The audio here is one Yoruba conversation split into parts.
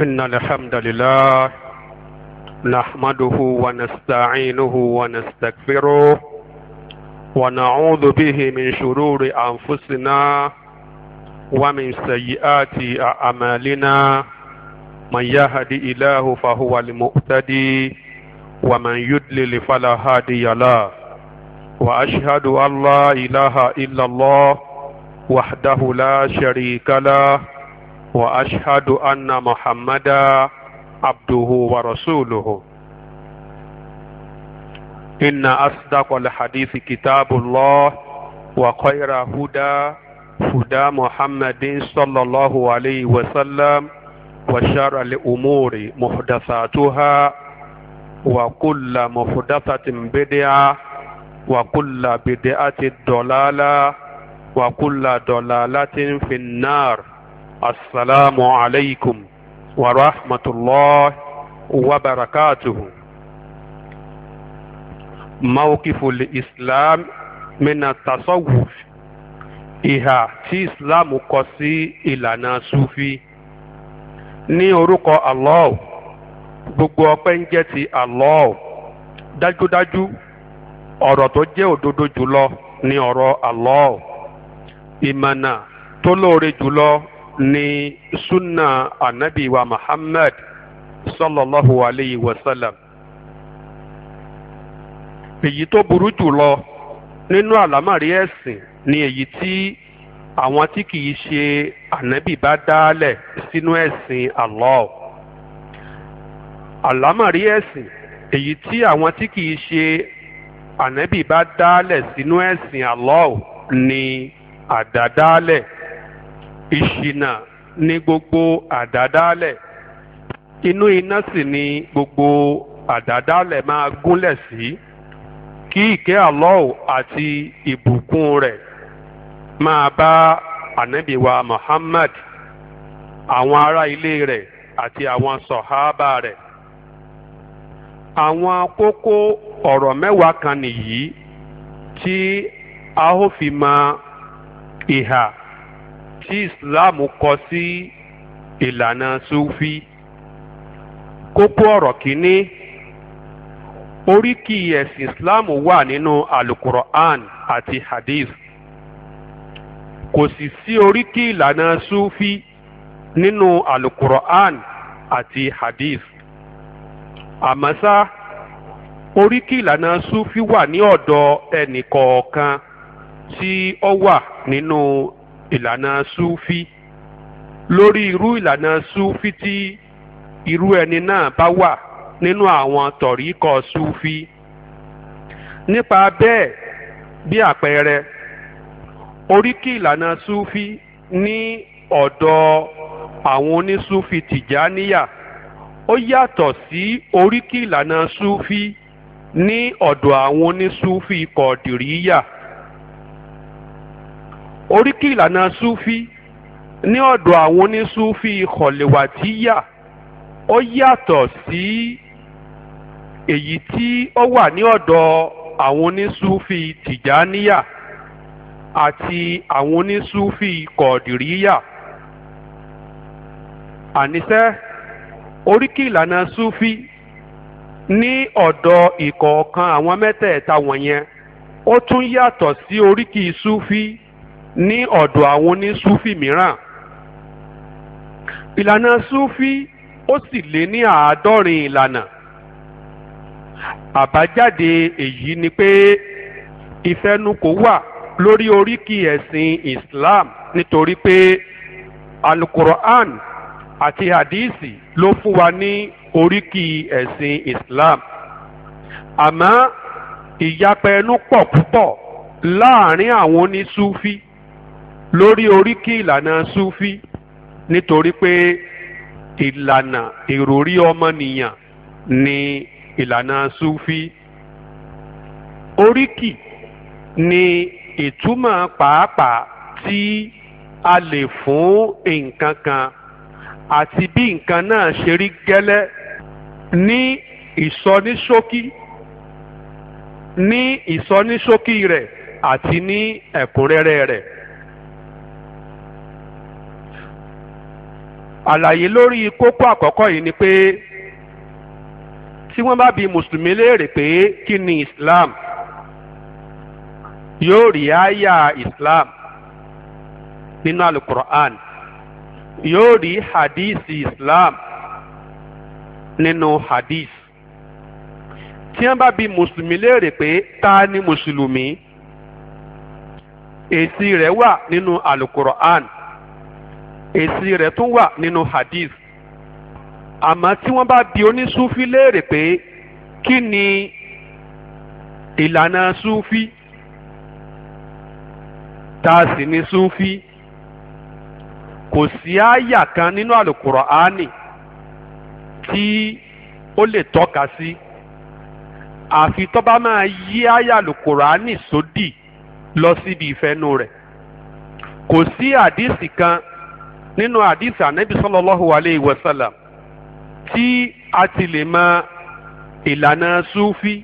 إن الحمد لله نحمده ونستعينه ونستغفره ونعوذ به من شرور أنفسنا ومن سيئات أعمالنا من يهد إله فهو المؤتدي ومن يدلل فلا هادي له وأشهد أن لا إله إلا الله وحده لا شريك له واشهد ان محمدا عبده ورسوله ان اصدق الحديث كتاب الله وخير هدى هدى محمد صلى الله عليه وسلم وشر الامور محدثاتها وكل محدثه بدعه وكل بدعه ضلاله وكل ضلاله في النار السلام عليكم ورحمة الله وبركاته موقف الإسلام من التصوف ìhà tí Islam إلى ناسوفي ìlànà Sufi ní orúkọ Allah gbogbo ọpẹ́ ń jẹ́ ti Allah dájúdájú ọ̀rọ̀ tó jẹ́ òdodo jùlọ ni ọ̀rọ̀ Allah ìmọ̀nà tó lóore jùlọ ni sunna anabi wa muhammad sallallahu alayhi wa sallam èyí tó burú jùlọ nínú àlámàrí ẹ̀sìn ni èyí tí àwọn tí kìí ṣe ànábì bá dálẹ̀ sínú ẹ̀sìn Allah àlámàrí ẹ̀sìn èyí tí àwọn tí kìí ṣe ànábì bá dálẹ̀ sínú ẹ̀sìn Allah ni àdádálẹ̀ ìṣìnà ni gbogbo àdádálẹ̀ inú iná sì ni gbogbo àdádálẹ̀ máa gúnlẹ̀ sí kí ìkẹ́ Allah àti ìbùkún rẹ̀ máa bá ànábì wa Muhammad àwọn ará ilé rẹ̀ àti àwọn sọ̀hábà rẹ̀ àwọn kókó ọ̀rọ̀ mẹ́wàá kan nìyí tí a ó fi mọ ìhà tí islam kọ sí ìlànà sufi kókó ọ̀rọ̀ kìíní oríkì ẹ̀sìn islam wà nínú alukur'an àti hadith kò sì sí oríkì ìlànà sufi nínú alukur'an àti hadith àmọ́ ṣá oríkì ìlànà sufi wà ní ọ̀dọ̀ ẹnì kọ̀ọ̀kan tí ó wà nínú ìlànà sufi lórí irú ìlànà sufi tí irú ẹni náà bá wà nínú àwọn tọ̀ríkọ̀ súfí. nípa bẹ́ẹ̀ bí àpẹẹrẹ oríkì ìlànà súfí ní ọ̀dọ̀ àwọn onísúfí tìjáníyà ó yàtọ̀ sí oríkì ìlànà súfí ní ọ̀dọ̀ àwọn onísúfí kọ̀dìríyà oríkì ìlànà Sufi ní ọ̀dọ̀ àwọn onísúfí kọ̀lẹ̀wàtíyà ó yàtọ̀ sí èyí tí ó wà ní ọ̀dọ̀ àwọn onísúfí tìjáníyà àti àwọn onísúfí kọ̀dìríyà àníṣe oríkì ìlànà Sufi ní ọ̀dọ̀ ìkọ̀ọ̀kan àwọn mẹ́tẹ̀ẹ̀ta wọ̀nyẹn ó tún yàtọ̀ sí oríkì Sufi ní ọ̀dọ̀ àwọn onísúfì mìíràn ìlànà súfì ó sì lé ní àádọ́rin ìlànà àbájáde èyí ni pé ìfẹnukò wà lórí oríkì ẹ̀sìn Islam nítorí pé alukur'an àti hadisi ló fún wa ní oríkì ẹ̀sìn Islam àmọ́ ìyapẹ̀ẹ́nu pọ̀ púpọ̀ láàrin àwọn onísúfì lórí oríkì ìlànà sufi nítorí pé ìlànà ìròrí ọmọnìyàn ni ìlànà sufi oríkì ni ìtumọ̀ pàápàá tí a lè fún nǹkan kan àti bí nǹkan náà ṣe rí gẹ́lẹ́ ní ìsọníṣókí ní ìsọníṣókí rẹ̀ àti ní ẹ̀kúnrẹ́rẹ́ rẹ̀. àlàyé lórí kókó àkọ́kọ́ yìí ni pé tí wọ́n bá bi mùsùlùmí léèrè pé kí ni islam yóò rí àyà islam nínú alukur'an yóò rí hadisi islam nínú Hadis, tí wọ́n bá bi mùsùlùmí léèrè pé ta ni mùsùlùmí èsì rẹ̀ wà nínú alukur'an èsì rẹ̀ tún wà nínú hadith àmọ́ tí wọ́n bá bi onísúfí léèrè pé kí ni ìlànà súfí tá a sì ní súfí kò sí àyà kan nínú àlùkùránì tí ó lè tọ́ka sí àfi tó bá máa yí àyà àlùkùránì sódì lọ síbi ìfẹ́nu rẹ̀ kò sí àdìsí kan nínú àdìsí ànábì sallallahu alayhi wa sallam tí a ti lè mọ ìlànà súfì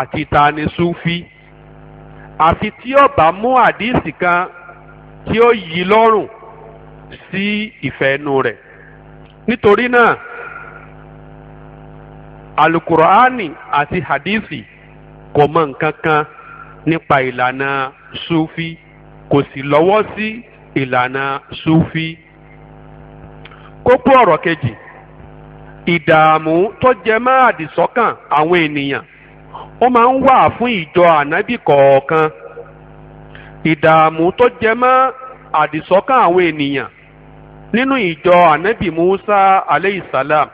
àti tani súfì àfi tí ó bá mú àdìsí kan tí ó yí lọ́rùn sí ìfẹ́ inú rẹ̀ nítorí náà alukuraani àti hadisi kò mọ nǹkan kan nípa ìlànà súfì kò sì lọ́wọ́ sí ìlànà súfì kókó ọ̀rọ̀ kejì ìdààmú tó jẹ mọ́ àdìsọ́kàn àwọn ènìyàn ó máa ń wà fún ìjọ ànábì kọ̀ọ̀kan ìdààmú tó jẹ mọ́ àdìsọ́kàn àwọn ènìyàn nínú ìjọ ànábì Musa aleyhisalam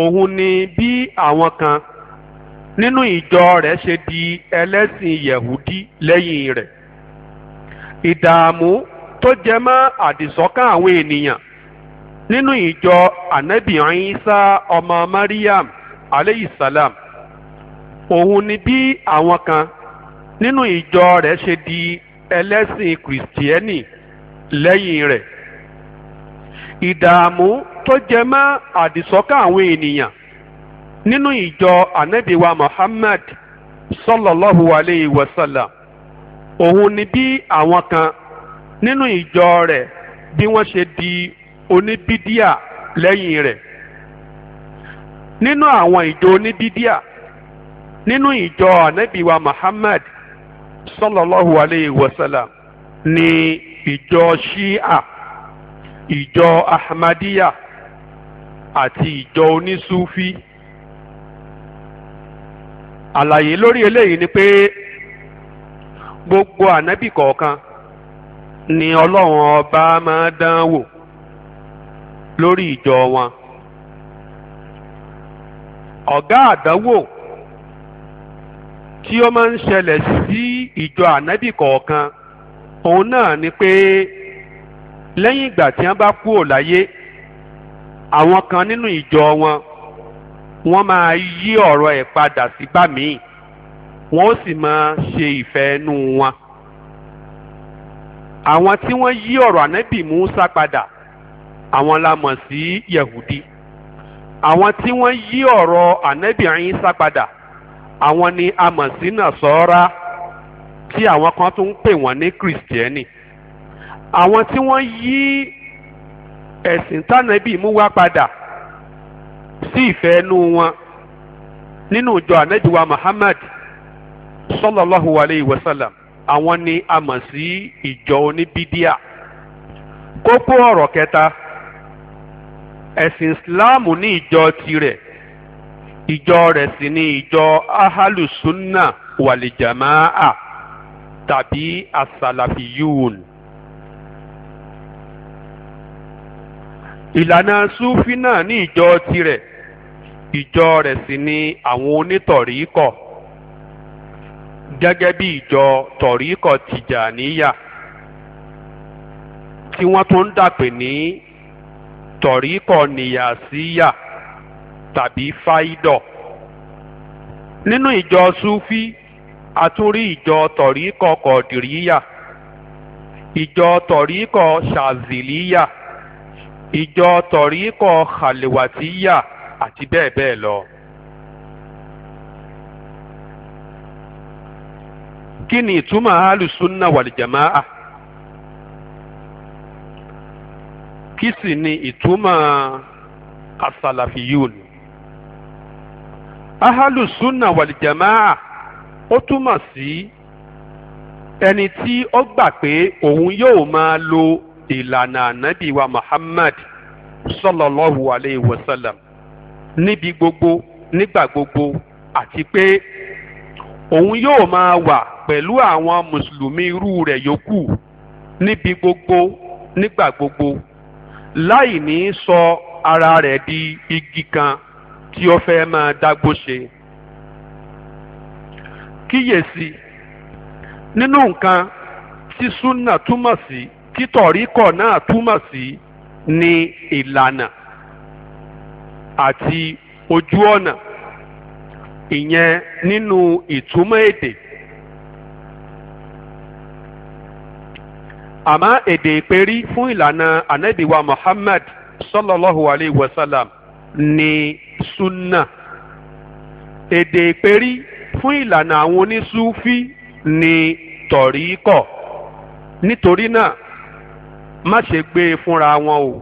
òun ni bí àwọn kan nínú ìjọ rẹ ṣe di ẹlẹ́sìn yẹ̀húdí lẹ́yìn rẹ̀ ìdààmú tó jẹ mọ́ àdìsọ́kàn àwọn ènìyàn nínú ìjọ ànábì Ìsá ọmọ Mariam aleyhisalam òun ni bí àwọn kan nínú ìjọ rẹ̀ ṣe di ẹlẹ́sìn kìrìsìtẹ́nì lẹ́yìn rẹ̀ ìdààmú tó jẹ mọ́ àdìsọ́kàn àwọn ènìyàn nínú ìjọ ànábì wa Muhammad sallallahu alayhi wa sallam òun ni bí àwọn kan nínú ìjọ rẹ̀ bí wọ́n ṣe di oníbídíà lẹ́yìn rẹ̀ nínú àwọn ìjọ oníbídíà nínú ìjọ anabiwa Muhammad sallallahu alayhi wa sallam ni ìjọ shia ìjọ ahmadiyya àti ìjọ onísúfí àlàyé lórí eléyìí ni pé gbogbo anabi kọ̀ọ̀kan ni ọlọ́run ọba máa dán wò. lórí ìjọ wọn. ọ̀gá àdánwò tí ó máa ń ṣẹlẹ̀ sí ìjọ ànábì kọ̀ọ̀kan òun náà ni pé lẹ́yìn ìgbà tí wọ́n bá kúrò láyé àwọn kan nínú ìjọ wọn wọ́n máa yí ọ̀rọ̀ ẹ̀ padà sígbà míì wọ́n ó sì máa ṣe ìfẹ́ ẹnu wọn. àwọn tí wọ́n yí ọ̀rọ̀ ànábì Mùsá padà àwọn la sí yahudi àwọn tí wọ́n yí ọ̀rọ̀ ànábì Ìsá padà àwọn ni a mọ̀ sí nàṣọ́ra tí àwọn kan tún ń pè wọ́n ní kìrìsìtẹ́nì àwọn tí wọ́n yí ẹ̀sìn tànábì mú wá padà sí ìfẹ́ inú wọn nínú ìjọ ànábì Muhammad sallallahu alayhi wa sallam àwọn ni a mọ̀ sí ìjọ oníbídíà kókó ọ̀rọ̀ kẹta. ẹ̀sìn ìsìláàmù ní ìjọ tirẹ̀ ìjọ rẹ̀ sì ni ìjọ ahalùsùnà wàlìjàmáà tàbí asàlàfíyùn. ìlànà sufi náà ní ìjọ tirẹ̀ ìjọ rẹ̀ sì ni àwọn onítọ̀ríkọ̀ gẹ́gẹ́ bí ìjọ tọ̀ríkọ̀ tìjàníyà tí wọ́n tún ń dàpè ní tọ̀ríkọ̀ nìyàsíyà tàbí fáídọ̀ nínú ìjọ sufi àtúrí ìjọ tọ̀ríkọ̀ kọ̀dìríyà ìjọ tọ̀ríkọ̀ ṣàzìlíyà ìjọ tọ̀ríkọ̀ khaliwatiya àti bẹ́ẹ̀ bẹ́ẹ̀ lọ. kí ni ìtumọ̀ alùsùn náà wàlìjàmáà? kisi ni ìtumọ̀ asalafiyun ahalu sunna wàlìjàmáà ó túmọ̀ sí ẹni tí ó gbà pé òun yóò máa lo ìlànà ànábì Muhammad sallallahu alayhi wa sallam gbogbo nígbà gbogbo àti pé òun yóò máa wà pẹ̀lú àwọn mùsùlùmí irú rẹ̀ yòókù níbi gbogbo nígbà gbogbo láì ní sọ ara rẹ̀ di igi kan tí ó fẹ́ máa dágbó ṣe. kíyèsí nínú nǹkan tí súnà túmọ̀ sí tí tọ̀ríkọ̀ náà túmọ̀ sí ni ìlànà àti ojú ọ̀nà ìyẹn nínú ìtumọ̀ èdè. E àmọ́ èdè ìpérí fún ìlànà anabiwa muhammad sallallahu alayhi wa sallam ni sunna èdè ìpérí fún ìlànà àwọn onísúfí ni tọ̀ríkọ̀ nítorí náà má ṣe gbé e fúnra wọn o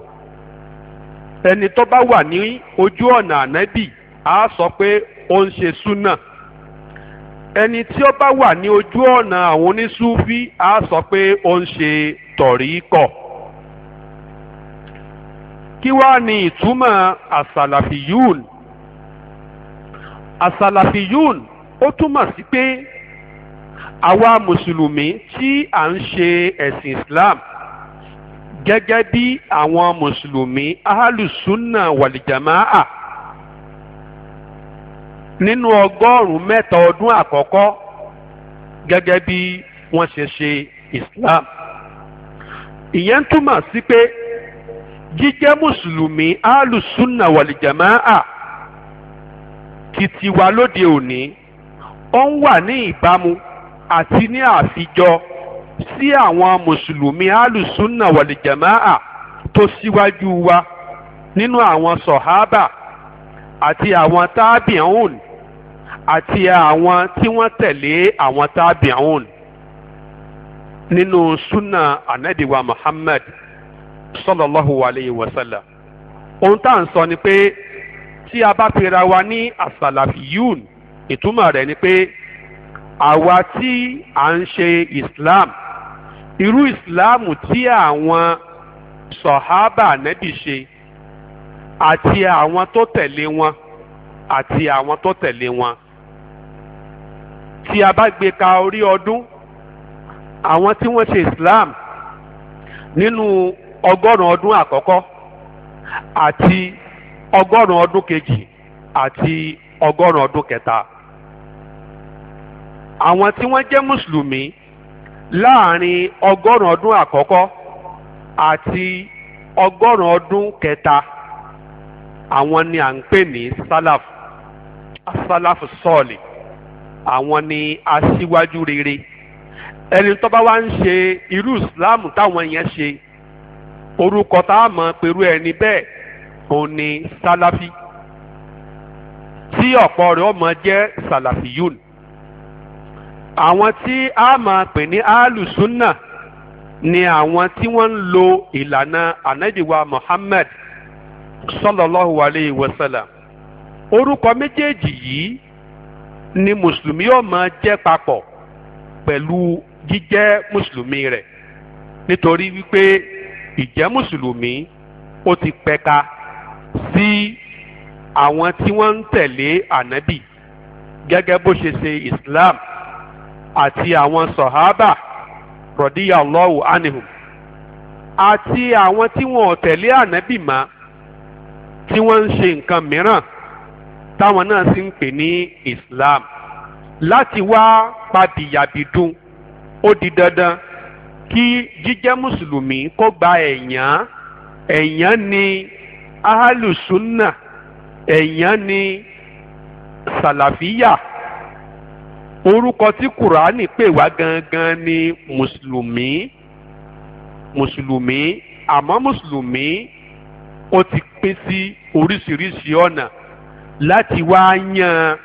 ẹni tó bá wà ní ojú ọ̀nà ànábì á sọ pé ó ń ṣe súnà ẹni tí ó bá wà ní ojú ọ̀nà àwọn onísúfí á sọ pé ó ń ṣe tọ̀ríkọ̀ kí wá ní ìtumọ̀ àsàlàfíyùn àsàlàfíyùn ó túmọ̀ sí pé àwa mùsùlùmí tí à ń ṣe ẹ̀sìn Islam gẹ́gẹ́ bí àwọn mùsùlùmí ahalùsùnà wàlìjàmáà nínú ọgọ́rùn-ún mẹ́ta ọdún àkọ́kọ́ gẹ́gẹ́ bí wọ́n ṣe ṣe Islam ìyẹn túmọ̀ sí pé jíjẹ́ mùsùlùmí alùsùnà wàlìjàmáà títí wa lóde òní ó ń wà ní ìbámu àti ní àfijọ sí àwọn mùsùlùmí alùsùnà wàlìjàmáà tó síwájú wa nínú àwọn sọ̀hábà àti àwọn tábìọ̀n àti àwọn tí wọ́n tẹ̀lé àwọn tábìáùn nínú súnà ànábìwá Muhammad sallallahu alayhi wa sallam ohun tá à ń sọ ni pé tí a bá pera wa ní asàlàfíyùn ìtumọ̀ rẹ̀ ni pé àwa tí à ń ṣe Islam irú Islam tí àwọn sọ̀hábà ànábì ṣe àti àwọn tó tẹ̀lé wọn àti àwọn tó tẹ̀lé wọn tí a bá gbé ka orí ọdún àwọn tí wọ́n ṣe Islam nínú ọgọ́rùn-ún ọdún àkọ́kọ́ àti ọgọ́rùn-ún ọdún kejì àti ọgọ́rùn-ún ọdún kẹta àwọn tí wọ́n jẹ́ mùsùlùmí láàrin ọgọ́rùn-ún ọdún àkọ́kọ́ àti ọgọ́rùn-ún ọdún kẹta àwọn ni à ń pè ní sálàfù asálàfù sọ́ọ̀lì àwọn ni aṣíwájú rere ẹni tó bá wá ń ṣe irú islam táwọn yẹn ṣe orúkọ tá a mọ̀ pẹ̀lú ẹni bẹ́ẹ̀ òun ni sálàfì tí ọ̀pọ̀ rẹ̀ ọmọ jẹ́ sàlàfíyùn àwọn tí a máa pè ní alùsùnà ni àwọn tí wọ́n ń lo ìlànà ànábìwá Muhammad sallallahu alayhi wa orúkọ méjèèjì yìí ni mùsùlùmí ó máa jẹ́ papọ̀ pẹ̀lú jíjẹ́ mùsùlùmí rẹ̀ nítorí wípé ìjẹ́ mùsùlùmí ó ti pẹ̀ka sí àwọn tí wọ́n ń tẹ̀lé ànábì gẹ́gẹ́ bó ṣe ṣe islam àti àwọn sọ̀hábà rọ̀díyàlọ́hù anihum àti àwọn tí wọn ò tẹ̀lé ànábì mọ́ tí wọ́n ń ṣe nǹkan mìíràn táwọn náà sì ń pè ní Islam láti wá padìyàbìdún ó di dandan kí jíjẹ́ mùsùlùmí kó gba ẹ̀yán ẹ̀yán ni ahalùsùnà ẹ̀yán ni sàlàfíyà orúkọ tí kùránì pè wá gangan ni mùsùlùmí mùsùlùmí àmọ́ mùsùlùmí ó ti pín sí oríṣiríṣi ọ̀nà láti wá yan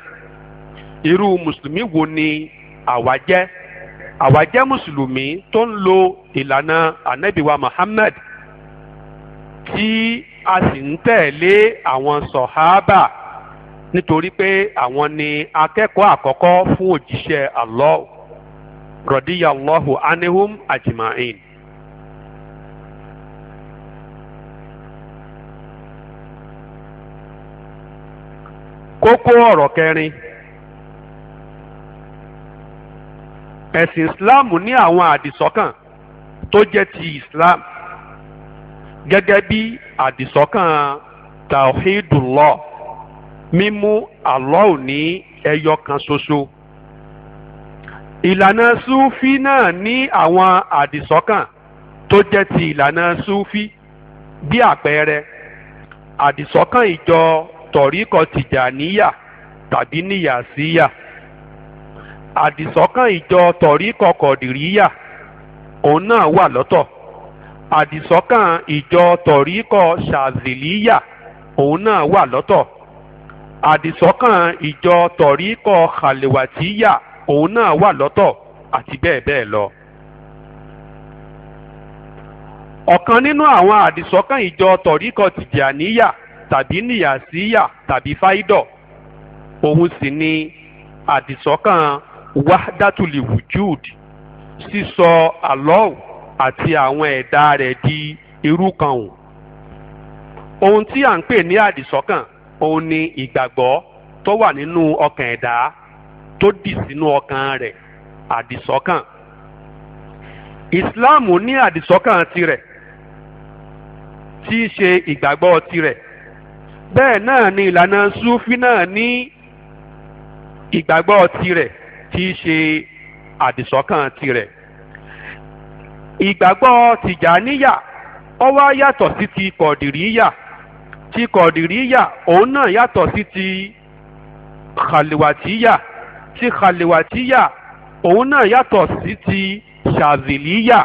irú mùsùlùmí wo ni àwa jẹ́ àwa jẹ́ mùsùlùmí tó ń lo ìlànà anabiwa Muhammad tí a sì ń tẹ̀lé àwọn sọ̀hábà nítorí pé àwọn ni akẹ́kọ̀ọ́ àkọ́kọ́ fún òjíṣẹ́ Allah rọ̀díyàlọ́hù anihum ajma'in. kókó ọ̀rọ̀ kẹrin ẹ̀sìn islam ní àwọn àdìsọ́kàn tó jẹ́ ti islam gẹ́gẹ́ bí àdìsọ́kàn tawhidullah mímú Allah ní ẹyọ kan ṣoṣo ìlànà súfí náà ní àwọn àdìsọ́kàn tó jẹ́ ti ìlànà súfí bí àpẹẹrẹ àdìsọ́kàn ìjọ tọ̀ríkọ̀ tìjàníyà tàbí níyàsíyà àdìsọ́kàn ìjọ tọ̀ríkọ̀ kọ̀dìríyà òun náà wà lọ́tọ̀ àdìsọ́kàn ìjọ tọ̀ríkọ̀ ṣàzìlíyà òun náà wà lọ́tọ̀ àdìsọ́kàn ìjọ tọ̀ríkọ̀ kàlẹ́wàtíyà òun náà wà lọ́tọ̀ àti bẹ́ẹ̀ bẹ́ẹ̀ lọ. ọ̀kan nínú àwọn àdìsọ́kàn ìjọ tọ̀ríkọ̀ tìjàníyà tàbí nìyàsíyà tàbí fáídọ̀ òun sì ni àdìsọ́kàn wahdatuli wujud sísọ Allah àti àwọn ẹ̀dá rẹ̀ di irú kan o ohun tí à ń pè ní àdìsọ́kàn òun ni ìgbàgbọ́ tó wà nínú ọkàn ẹ̀dá tó dì sínú ọkàn rẹ̀ àdìsọ́kàn Islam ní àdìsọ́kàn tirẹ̀ tí í ṣe ìgbàgbọ́ tirẹ̀ bẹ́ẹ̀ náà ni ìlànà súfì náà ní ìgbàgbọ́ tirẹ̀ tí í ṣe àdìsọ́kàn tirẹ̀ ìgbàgbọ́ tìjàníyà ó wá yàtọ̀ sí ti kọ̀dìríyà ti kọ̀dìríyà òun náà yàtọ̀ sí ti khaliwatiya ti khaliwatiya òun náà yàtọ̀ sí ti ṣàzìlíyà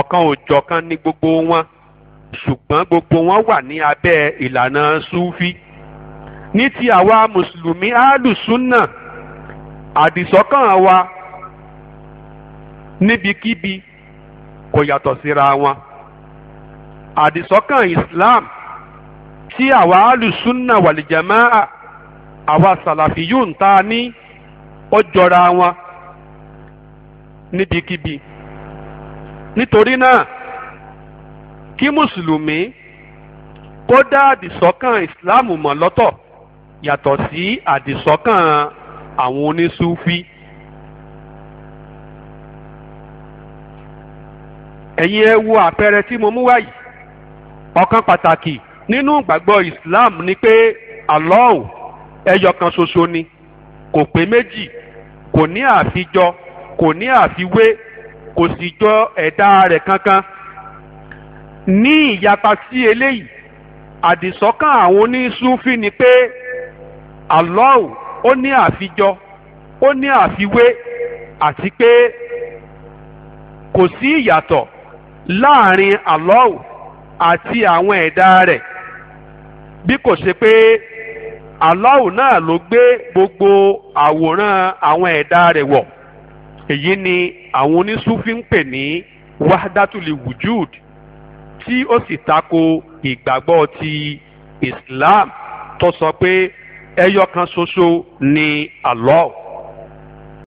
ọ̀kan òjọ̀kan ní gbogbo wọn ṣùgbọ́n gbogbo wọn wà ní abẹ́ ìlànà súfí ní ti àwa mùsùlùmí alùsùnà àdìsọ́kàn wa níbikíbi kò yàtọ̀ síra wọn àdìsọ́kàn islam tí àwa alùsùnà wàlìjàmáà àwa sàlàfíyùn tá a ní ó jọra wọn níbikíbi nítorí náà kí mùsùlùmí kó dá àdìsọ́kàn ìsìláàmù mọ̀ lọ́tọ̀ yàtọ̀ sí àdìsọ́kàn àwọn onísúfí. ẹ̀yin ẹ wo àpẹẹrẹ tí mo mú wáyìí ọ̀kan pàtàkì nínú ìgbàgbọ́ islam ni pé Allah ẹyọ kan ṣoṣo ni kò pé méjì kò ní àfijọ kò ní àfiwé kò sì jọ ẹ̀dá rẹ̀ kankan ní ìyapa sí eléyìí àdìsọ́kàn àwọn oníṣúfì ni pé Allah ó ní àfijọ ó ní àfiwé àti pé kò sí ìyàtọ̀ láàrin Allah àti àwọn ẹ̀dá rẹ̀ bí kò ṣe pé Allah náà ló gbé gbogbo àwòrán àwọn ẹ̀dá rẹ̀ wọ̀ èyí ni àwọn oníṣúfì ń pè ní wahadatul wujud tí ó sì tako ìgbàgbọ́ ti Islam tó sọ pé ẹyọ kan ṣoṣo ni Allah.